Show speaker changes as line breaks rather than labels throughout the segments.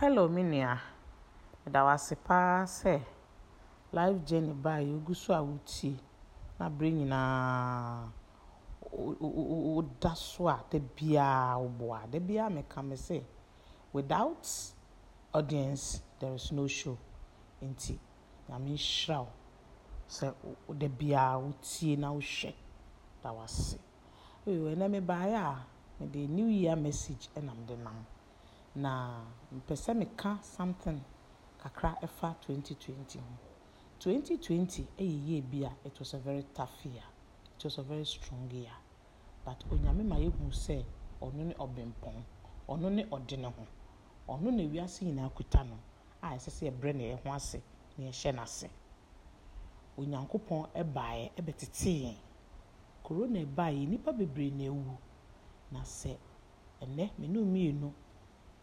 Hello me nua, meda wo ase paa sɛ life journey baeɛ ogu so a wotie na berɛ nyinaa woda so a da biara woboa. Da biara meka me se without audience there is no show nti nyame nhyira wo sɛ da biara wotie na wohwɛ da wo ase. Ɛnɛ mebaeɛ a mede new year message na mede nam. na mpɛ sɛ meka something kakra ɛfa 2020 ho 2020 ɛyɛ yie bi a it was a very tough year it was a very strong year but onyame ma yɛhu sɛ ɔno ne ɔbempɔn ɔno ne ɔde ne ho ɔno na ewiase nyinaa kuta no a ɛsɛ sɛ ɛbrɛ na ɛho ase na yɛhyɛ n'ase onyankopɔn ɛbaeɛ ɛbɛtete yɛn korona ɛbaeɛ nnipa bebree na ɛwu na sɛ ɛnɛ me mmienu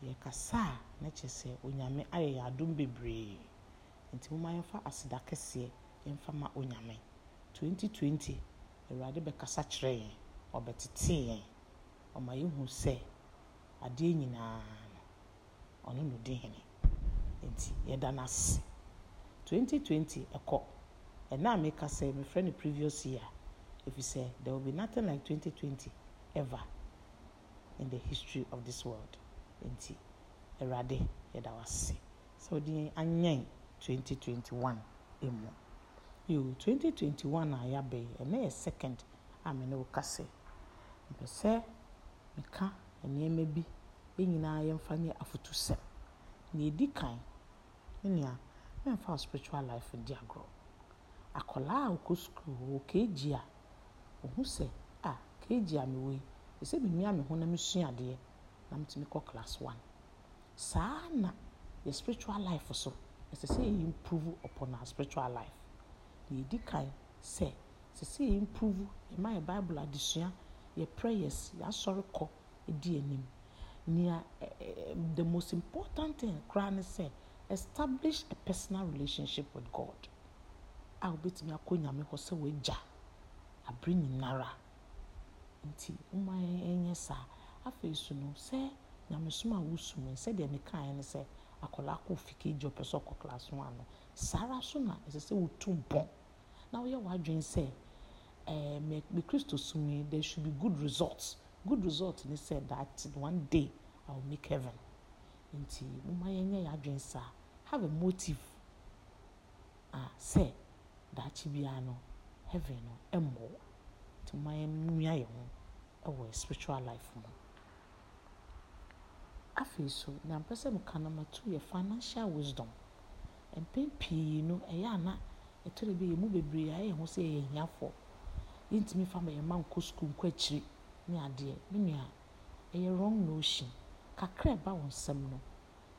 yɛkasa a na kyerɛ sɛ onyame ayɛ yɛ bebree nti moma yɛmfa aseda kɛseɛ yɛmfa ma onyame 2020 awurade bɛkasa kyerɛ yɛn ɔbɛtetee yɛn ɔma yɛhu sɛ adeɛ nyinaa no ɔno no di hene nti yɛda no ase 2020 ɛkɔ ɛna a meka sɛ mefrɛ no previous year ɛfiri sɛ there will be nothing like 2020 ever in the history of this world nti awurade yɛda wase sɛ wode yɛn anyɛn 2021 mu yo 2021 a yɛabɛyi ɛnɛ yɛ second a me ne wo ka sɛ mepɛ sɛ meka nneɛma bi nyinaa yɛmfa ne afotusɛm na ɛdi kan nea memfa spiritual life di agorɔ akɔlaa a ɔkɔ sukuu wɔ kg a ɔhu sɛ a kg a mewɔ yi ɛsɛ menua me ho na mesua adeɛ na mutumi kɔ class one saa na yɛ spiritual life so ɛsɛ sɛ yɛ improve upon our spiritual life na yɛdi kan sɛ ɛsɛ sɛ yɛ improve yɛma yɛ bible adesua yɛ prayers yɛ asɔre kɔ edi anim nea the most important thing koraa ne sɛ establish a personal relationship with god a wobɛtumi akɔ nyame hɔ sɛ wagya abere nyinara nti mma yɛn nyɛ saa afei so no sɛ nyamesom a wosum yi sɛdeɛ mekaeɛ no sɛ akwadaa kɔ fike gye ɔpɛ sɛ ɔkɔ class one no saa ara so na ɛsɛ sɛ wotu mpɔn na woyɛ w'adwene sɛ ɛɛ mɛ mɛ kristo sum yi there should be good results good result ni sɛ that one day i will make heaven nti mo ma yɛn nyɛ yɛadwene saa have a motive a sɛ daakye biara no heaven no ɛmmɔ nti mo ma yɛn nnua yɛn ho ɛwɔ spiritual life mu afei so nea mpɛ sɛ meka no matu yɛ financial wisdom mpɛn pii no ɛyɛ ana ɛtɔrɔ bi yɛ mu bebree ayɛ ho sɛ yɛyɛ hiafoɔ yɛntumi fa ma yɛn mma nkɔ sukuu nkɔ akyire ne adeɛ me nua ɛyɛ wrong notion kakra ɛba wɔn nsam no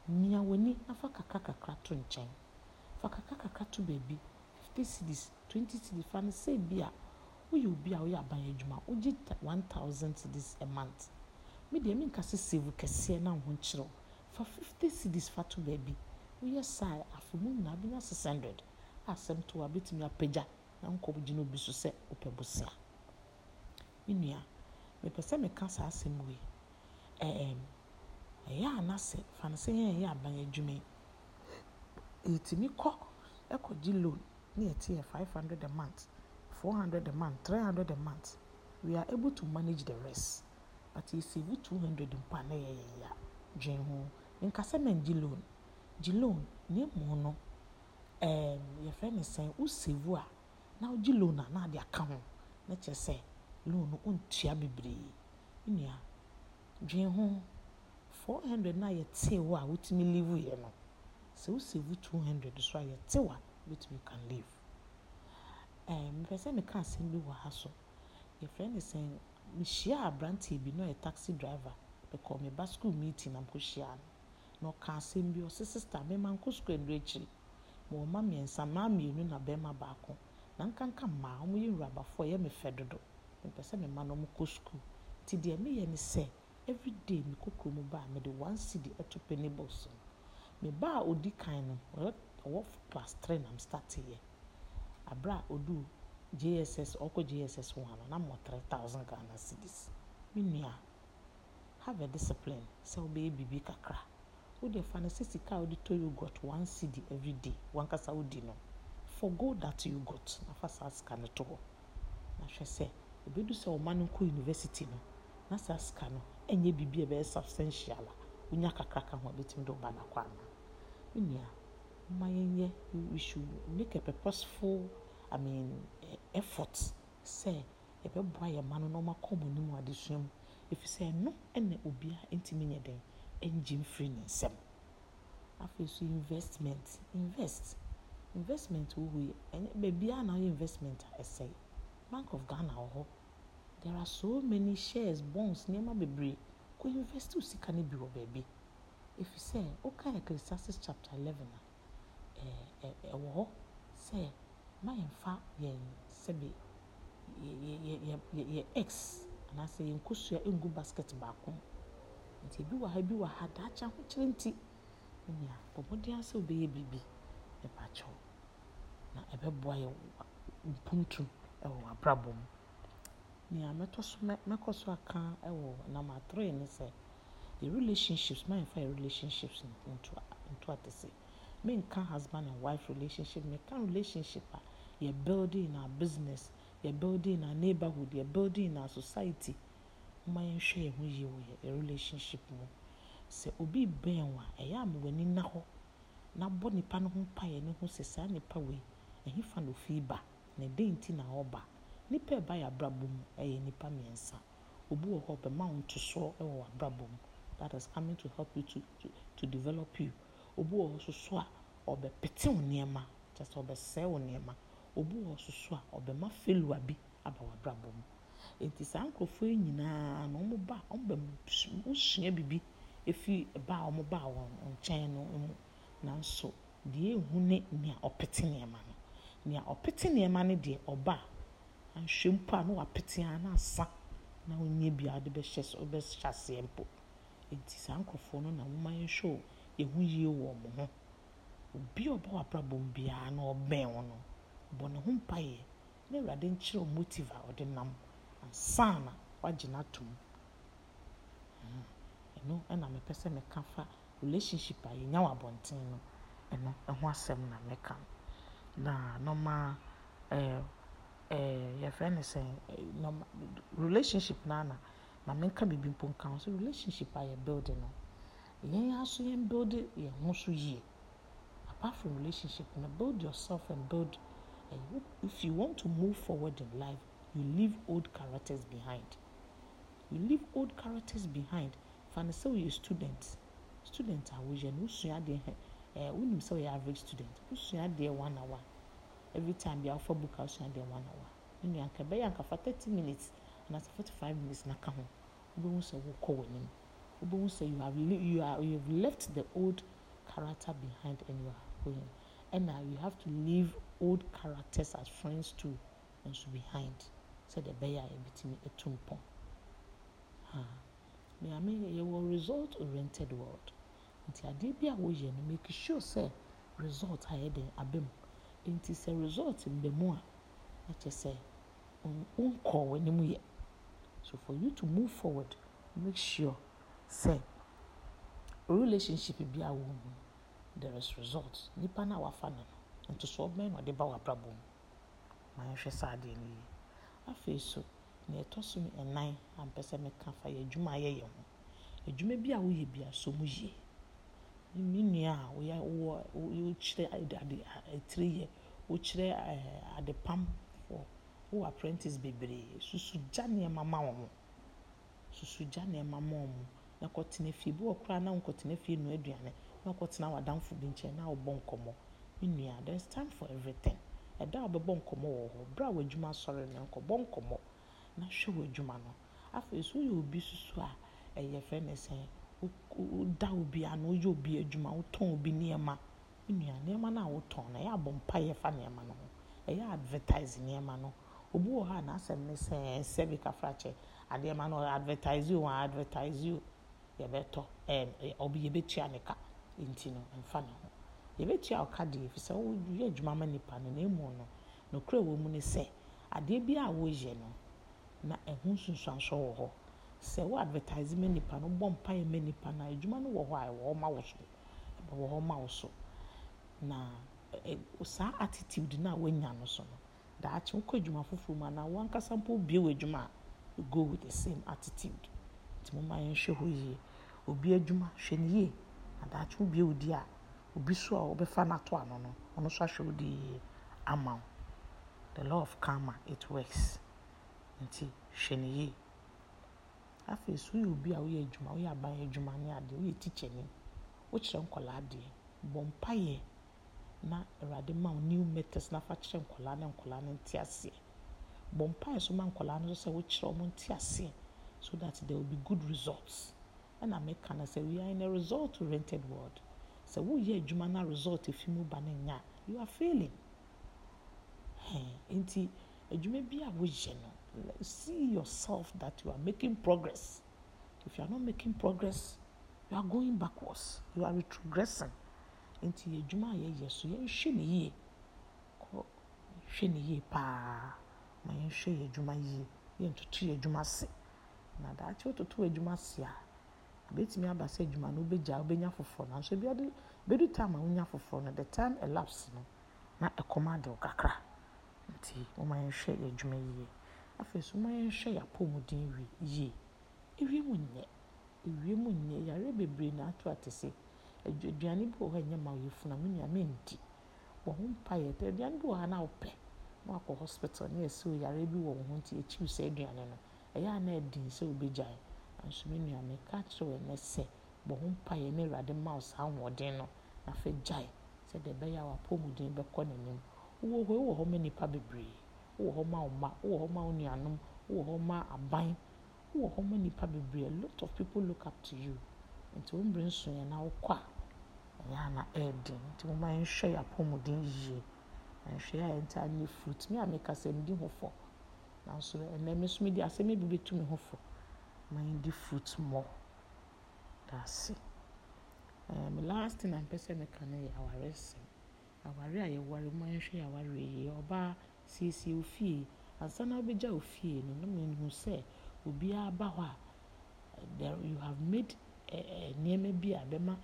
mia w'ani afa kakra kakra to nkyɛn fa kakra kakra to baabi fifty cedis twenty cedis fa no sɛ bi a woyɛ obi a woyɛ aban adwuma wogye one thousand cedis a month me deɛ menka sɛ save kɛseɛ na ho nkyerɛ wo fa 50 cedis fa to baabi woyɛ saa afe mu nyinaa bɛnya 600 a asɛm to a bɛtumi apagya na nkɔ gyina obi so sɛ wopɛ bosea me nua mepɛ sɛ meka saa asɛm wei ɛɛm ɛyɛ anasɛ fa no sɛ yɛn ɛyɛ aban adwuma yɛtumi kɔ ɛkɔgye loan na yɛte yɛ hundred a month four hundred a month three hundred a month we are able to manage the rest Ati atiisi wo two hundred mpa na yɛ yɛya dwen ho nkasa mɛ ngye loan gye loan ne mu no ɛɛm yɛfrɛ ne sɛn wosevu a na wogye loan a na ade aka ho na kyerɛ sɛ loan no ontua bebree nnua dwen ho four hundred na yɛtee wo a wotumi leave yɛ no sɛ wosevu two hundred so a yɛtee wo a wotumi can leave ɛɛm mpɛ sɛ meka asɛm bi wɔ ha so. yɛfrɛ no sɛn mehyia aberanteɛ bi na ɔyɛ taxi driver bɛkɔ meba school meeting na mkɔhyia no na ɔka asɛm bi ɔsɛ sister mema nkɔ school adu akyiri ma ɔma mmiɛnsa mmaa mmienu na bɛrima baako na nkanka mmaa wɔn yɛ nwurabafoɔ a ɛyɛ me fɛ dodo mpɛ sɛ mema no wɔkɔ school nti deɛ meyɛ ne sɛ everyday mekɔ kurom ba mede one cedi ato penny box me ba a ɔdi kan no ɔwɔ class three na m starteɛ abere a jss ɔkɔ jss one na mo three thousand ghana cedis me nua have a discipline sɛ wobɛyɛ biribi kakra wode fa no sɛ sika a wode tɔ yogot one cd every day wankasa wodi no forgo that yogot na fa saa sika no to hɔ na hwɛ sɛ ɛbɛdu sɛ ɔma nkɔ university no na saa sika no ɛnyɛ biribi a ɛbɛyɛ substantial a wonya kakra ka ho a bɛtumi de woba nakɔ ana me nua ma yɛnyɛ we should make a purposeful I mean, e-, effort sɛ ɛbɛboa yɛn mma no na wɔakɔ wɔn anim wɔ adesua mu ɛfiri sɛ ɛno na obiara ntumi nyɛ dɛn ngye mfiri ne nsam. Afei investment, invest. Investment ɛnyɛ na wɔyɛ investment a Bank of Ghana wɔ hɔ. There are so many shares, bonds, nneɛma bebree. Kɔ invest wo sika no bi wɔ chapter eleven a, ɛɛ ɛwɔ hɔ sɛ mma yɛmfa yɛn sɛbe yɛ yɛ yɛ yɛ x anaasɛ yɛn kosua ngu basket baako nti ebi wɔ ha ebi wɔ ha daakye ahokyere nti nnua bɔbɔden asɛ obɛyɛ biribi ɛbaakyɛw na ɛbɛboa yɛ mpuntu ɛwɔ abrabɔ mu nea mɛtɔ so mɛ mɛkɔ so aka ɛwɔ na matoro yɛ ne the relationships mɛ yɛfa relationships nto nto ate se menka husband and wife relationship me menka relationship a. You're building our business. You're building our neighborhood. You're building our society. My share hwɛ you, ho yie relationship mu. Sɛ obi bɛn wa, ɛyɛ ama w'ani na hɔ. Na bɔ nipa no ho pa yɛ ne ho sɛ saa nipa wei, ɛhe fa na ofi ba? Na dɛn nti na ɔba? Nipa ɛba yɛ abrabɔ mu ɛyɛ nipa mmiɛnsa. Obi wɔ hɔ ɔbɛma wo ntosoɔ ɛwɔ w'abrabɔ mu. That is coming to help you to to to develop you. Obi wɔ hɔ soso a ɔbɛpete wo nneɛma kyerɛ sɛ ɔbɛsɛe wo nneɛma. obi wɔ soso a ɔbɛma failure bi aba w'abrabɔ mu nti saa nkurɔfoɔ yi nyinaa na wɔn ba wɔn bɛ musua bibi efi ba a wɔn ba wɔn nkyɛn no mu nanso deɛ ehu ne nea ɔpete nneɛma no nea ɔpete nneɛma no deɛ ɔba a ahwɛ mpo a na wapete a na asa na onye bi a ɔde bɛhyɛ so ɔbɛhyɛ aseɛ mpo nti saa nkurɔfoɔ no na wɔn ayɛ hwɛ ehu yie wɔ wɔn ho obi a ɔba w'abrabɔ mu biara na ɔbɛn wɔn no. bɔ ne ho mpaeɛ na awurade nkyerɛ motive a ɔde nam ansana wagye no ato mu mm. ɛno ɛna mepɛ sɛ meka fa relationship a yɛnya wɔ abɔnten no ɛno ɛho asɛm na meka na nɔma eh, eh, yɛfrɛ no sɛ relationship no ana na menka biribi mpo nka ho so relationship a yɛbuild no yɛn aso yɛn build yɛn ho so yie apart from relationship no build yourself and build if you want to move forward in life, you leave old characters behind. You leave old characters behind. Fana sɛ woyɛ student student a woyɛ no wosua adeɛ ɛɛ wonim sɛ woyɛ average student wosua adeɛ one hour every time they offer book a wosua adeɛ one hour nnu anka one anka for thirty minutes and after forty five minutes na ka ho We sɛ say w'anim wobɛhu sɛ you have you are you have left the old character behind and you are going. ɛna you have to leave old characters as friends too nso behind sɛdeɛ ɛbɛyɛ a yɛbɛtumi atu mpɔn ha maame yɛwɔ result oriented world nti adeɛ bi a wɔyɛ no make sure sɛ result a yɛde aba mu nti sɛ result mba mu a akyɛ sɛ nkɔ w'anim yɛ so for you to move forward make sure sɛ relationship bi a wɔ mu there is result nipa no wafa no ntosoɔ bɛn na ɔde ba w'abrabɔ mu ma yɛhwɛ saa adeɛ no yie afei so nea ɛtɔ so ɛnan ampɛ sɛ meka fa yɛ adwuma a yɛyɛ ho adwuma bi a woyɛ bi a so mu yie me nua a woyɛ wɔ wokyerɛ ade atiri yɛ wokyerɛ eh, adepam wɔ wowɔ apprentice bebree susu gya nneɛma ma wɔn susu gya nneɛma ma wɔn na kɔtena fie bi wɔ koraa na nkɔtena fie nua aduane na wakɔtena w'adamfo bi nkyɛn na wɔbɔ nkɔmmɔ me nua there's time for everything ɛda a wobɛbɔ nkɔmmɔ wɔ hɔ berɛ a w'adwuma sɔre no nkɔbɔ nkɔmmɔ na hwɛ w'adwuma no afei so woyɛ obi susu a ɛyɛ fɛ ne sɛ woda obi ano woyɛ obi adwuma wotɔn obi nneɛma me nua nneɛma no a wotɔn no ɛyɛ abɔ mpa yɛfa nneɛma no ho ɛyɛ advertise nneɛma no obi wɔ hɔ a n'asɛm ne sɛ ɛnsɛ bi kafrakyɛ adeɛma no advertise you wɔn advertise you yɛbɛtɔ ɛɛ ɔbi yɛbɛtua ne ka nti no mfa ne ho yɛbɛtua ɔka deɛ ɛfiri sɛ woyɛ adwuma ma nipa no na emu no nokorɛ wɔ mu ne sɛ adeɛ bi a wɔyɛ no na ɛho nsunsuanso wɔ hɔ sɛ wo advertise ma nipa no bɔ mpaeɛ ma nipa no a adwuma no wɔ hɔ a ɛwɔ hɔ ma wo so ɛwɔ hɔ ma wo so na saa attitude no a woanya no so no daakye wokɔ adwuma foforɔ mu anaa wankasa mpo bie wɔ adwuma a go with the same attitude nti moma yɛnhwɛ hɔ yie obi adwuma hwɛ no yie adaakye obi odi a obi so a wɔbɛfa n'ato ano no ɔno so ahwɛ odi yie ama wo the law of karma it works nti hwɛ ne yie afei so woyɛ obi a woyɛ adwuma woyɛ aban adwuma ne adeɛ woyɛ tikyɛni wokyerɛ nkɔlaa adeɛ bɔ mpayɛ na awurade ma wo new methods na fa kyerɛ nkɔlaa ne nkɔlaa no nte aseɛ bɔ mpaeɛ so ma nkɔlaa no so sɛ wokyerɛ ɔmo nte aseɛ so that there will be good results ɛna meka no sɛ we are in a result oriented world sɛ woyɛ adwuma na result fi mu ba no nya you are failing nti adwuma bi a woyɛ no see yourself that you are making progress if you are not making progress you are going backwards you are retrogressing nti adwuma a yɛyɛ so yɛnhwɛ ne yie kɔ hwɛ ne yie paa ma yɛnhwɛ yɛ adwuma yie yɛntoto yɛ adwuma se na daakye wototo adwuma se a betumi aba sɛ adwuma no wobɛgya wobɛnya foforɔ nanso ebi ɔde bɛdu time a wonya foforɔ no the time elapse no na ɛkɔm ade wo kakra nti woma yɛnhwɛ yɛ adwuma yie afei so woma yɛnhwɛ yɛ apɔmuden wie yie ewie mu nyɛ ewie mu nyɛ yare bebree na ato ate se aduane bi wɔ hɔ ɛnyɛ ma oyɛ funu amu nyame ndi wɔn ho mpa yɛ dɛ aduane bi wɔ ha na wopɛ na wakɔ hospital na yɛsɛ yare bi wɔ wɔn ho nti ekyiw sɛ aduane no ɛyɛ a na ɛdi nsɛ obegyae nanso me nua meka kyerɛ wo ɛnɛ sɛ bɔ ho mpaeɛ ma awurade ma wo saa ahoɔden no na afei gyae sɛdeɛ ɛbɛyɛ a wapɔmuden bɛkɔ n'anim wowɔ hɔ wowɔ hɔ ma nnipa bebree wowɔ hɔ ma wo mma wowɔ hɔ ma wo nuanom wowɔ hɔ ma aban wowɔ hɔ ma nnipa bebree a lot of people look up to you nti wo mmere nso yɛ na wokɔ a ɛyɛ ana ɛɛden nti woma yɛnhwɛ yɛ apɔmuden yie nhwɛ a yɛntaa ne fruit me a meka sɛ medi ho fɔ nanso ɛnɛ me nso medi asɛm ebi bɛtu me ho fɔ mind um, the fruit more daase um, last thing na mpɛ sɛ meka no yɛ aware sɛm aware a yɛware mu ahwɛ yɛ aware yie ɔbaa siesie ofie ansa na wobɛgya ofie no na mehu sɛ obiara ba hɔ a you have made nneɛma bi a bɛma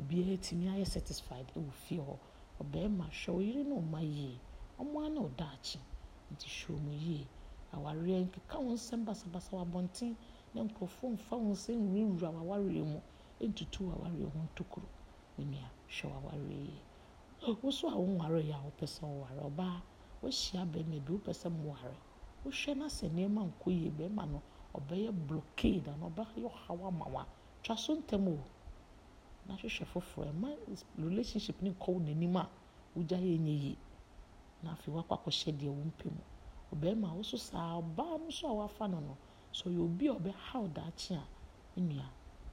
obiara tumi ayɛ satisfied wɔ fie hɔ ɔbɛrima hwɛ oyere na ɔma yie ɔmoa na ɔda nti hwɛ ɔmo yie awareɛ nkeka wɔn nsɛm basabasa wɔ abɔnten. na nkurɔfoɔ mfa ho sɛ nwurawura w'awareɛ mu ntutu w'awareɛ ho ntokuro onua hwɛ w'awareɛ yie wo so a wonware yɛ a wopɛ sɛ woware ɔbaa woahyia bɛrima bi wopɛ sɛ mware wohwɛ no sɛ nneɛma nkɔ yie bɛrima no ɔbɛyɛ blockade ana ɔbɛyɛ ɔhaw ama wo a twa so ntɛm o na hwehwɛ foforɔ ɛma relationship ne nkɔ wo n'anim a wogya yɛ nyɛ yie na afei woakɔ akɔhyɛ deɛ wo mpɛ mu ɔbɛrima wo saa ɔbaa no so a wafa no no so yɛ obi a ɔbɛhaw daakye a nnua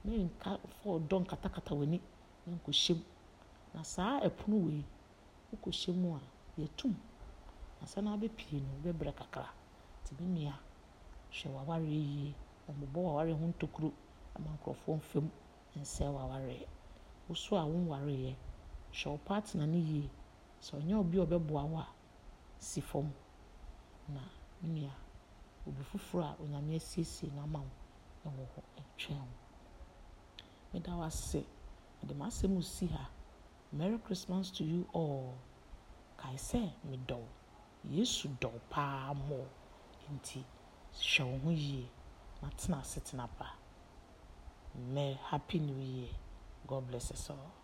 na nka fɔɔ dɔ nkatakata w'ani na nkɔhyɛ mu na saa ɛpono wei wokɔhyɛ mu a yɛtum asa na abɛpie no bɛbrɛ kakra nti me nua hwɛ wawari yie ɔmmobɔ wawari ho ntokuro ama nkurɔfoɔ mfam nsɛe wawari wo so a wonwareeɛ hwɛ wo partner no yie sɛ ɔnyɛ obi a ɔbɛboa wo si fam na me nua obi foforɔ a onyame asiesie no ama wo ɛwɔ hɔ ɛtwɛn wo meda wo ase mede m'asɛm si ha merry christmas to you all kae sɛ medɔ wo yesu dɔ wo paa mmɔ nti hwɛ wo ho yie na tena ase tena pa May happy new year. God bless us all.